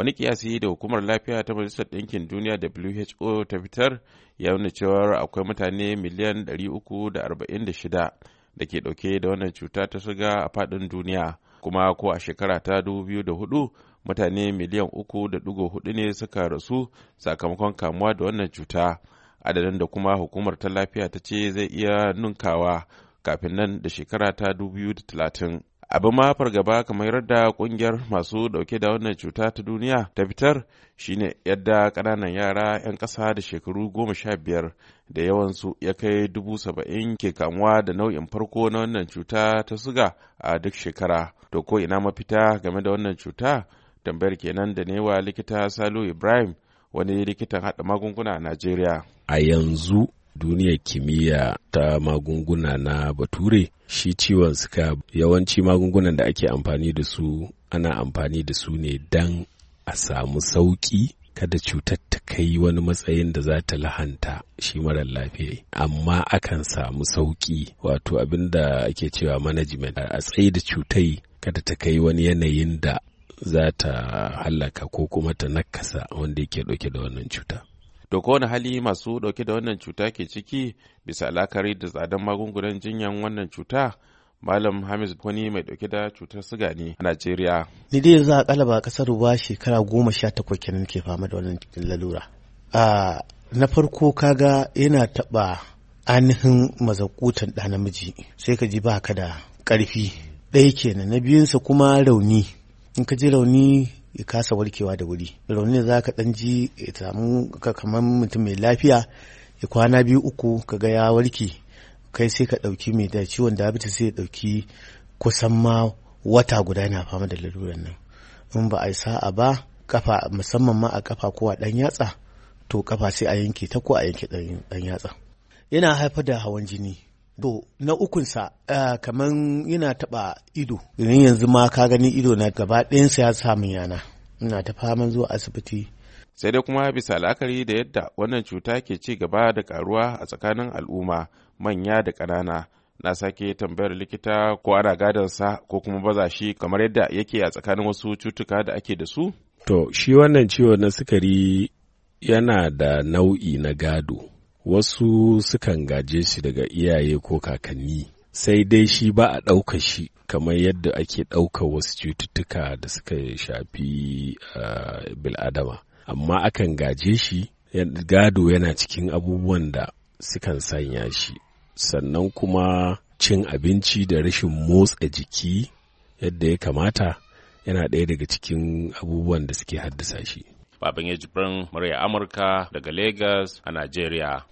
wani kiyasi da hukumar lafiya ta majalisar ɗinkin duniya who ta fitar ya nuna cewa akwai mutane miliyan 346 da ke ɗauke da wannan cuta ta shiga a faɗin duniya kuma ko a shekara ta 2004 mutane miliyan 3.4 ne suka rasu sakamakon kamuwa da wannan cuta adadin da kuma hukumar ta lafiya ta ce zai iya ninkawa kafin nan da shekara ta 2030 abin ma fargaba kamar yadda kungiyar masu dauke da wannan cuta ta duniya ta fitar shine yadda ƙananan yara 'yan ƙasa da shekaru goma sha biyar da yawansu ya kai dubu saba'in ke kamuwa da nau'in farko na wannan cuta ta suga a duk shekara to ko ina mafita game da wannan cuta tambayar kenan da newa likita salo ibrahim wani likitan haɗa magunguna a najeriya a yanzu duniyar kimiyya ta magunguna na bature shi ciwon suka yawanci magungunan da ake amfani da su ana amfani da su ne don a samu sauƙi kada cutar ta kai wani matsayin da za ta lahanta shi mara lafiya amma akan samu sauƙi wato abin da ake cewa management a tsaye da cutai kada ta kai wani yanayin da za ta hallaka ko kuma ta nakasa wanda yake ɗauke da wannan cuta da kowane hali masu ɗauke da wannan cuta ke ciki bisa alakari da tsadan magungunan jinyan wannan cuta Malam Hamis wani mai dauke da cutar siga ne a Najeriya. Ni dai yanzu a kalaba kasar ruwa shekara goma sha takwas kenan ke fama da wannan lalura. A na farko kaga yana taɓa ainihin mazakutan ɗa namiji sai ka ji ba ka da ƙarfi ɗaya kenan na biyunsa kuma rauni in ka ji rauni ya kasa warkewa da wuri raunin za ka ɗan ji ya samu ka kamar mutum mai lafiya ya kwana biyu uku ka ga ya warke kai sai ka ɗauki mai da ciwon diabetes sai ya ɗauki kusan ma wata guda yana fama da laluran nan in ba a yi sa'a ba kafa musamman ma a kafa ko a ɗan yatsa to kafa sai a yanke ta ko a yanke ɗan yatsa yana haifar da hawan jini to na ukunsa uh, eh, kamar yana taɓa ido idan yanzu ma ka gani ido na gaba ɗayansa ya samu yana ina ta faman zuwa asibiti sai dai kuma bisa la'akari da yadda wannan cuta ke ci gaba da karuwa a tsakanin al'umma manya da ƙanana na sake tambayar likita ko ana gadansa ko kuma baza shi kamar yadda yake a tsakanin wasu cutuka da ake da su to shi wannan ciwo na sukari yana da nau'i na gado wasu sukan gaje shi daga iyaye ko kakanni sai dai shi ba a ɗauka shi kamar yadda ake ɗauka wasu cututtuka da suka shafi eh, bil'adama amma akan gaje shi gado yana cikin abubuwan da sukan sanya shi sannan kuma cin abinci da rashin motsa jiki yadda ya kamata yana ɗaya daga cikin abubuwan da suke haddasa shi baban ya jibrin murya amurka daga lagos a Najeriya.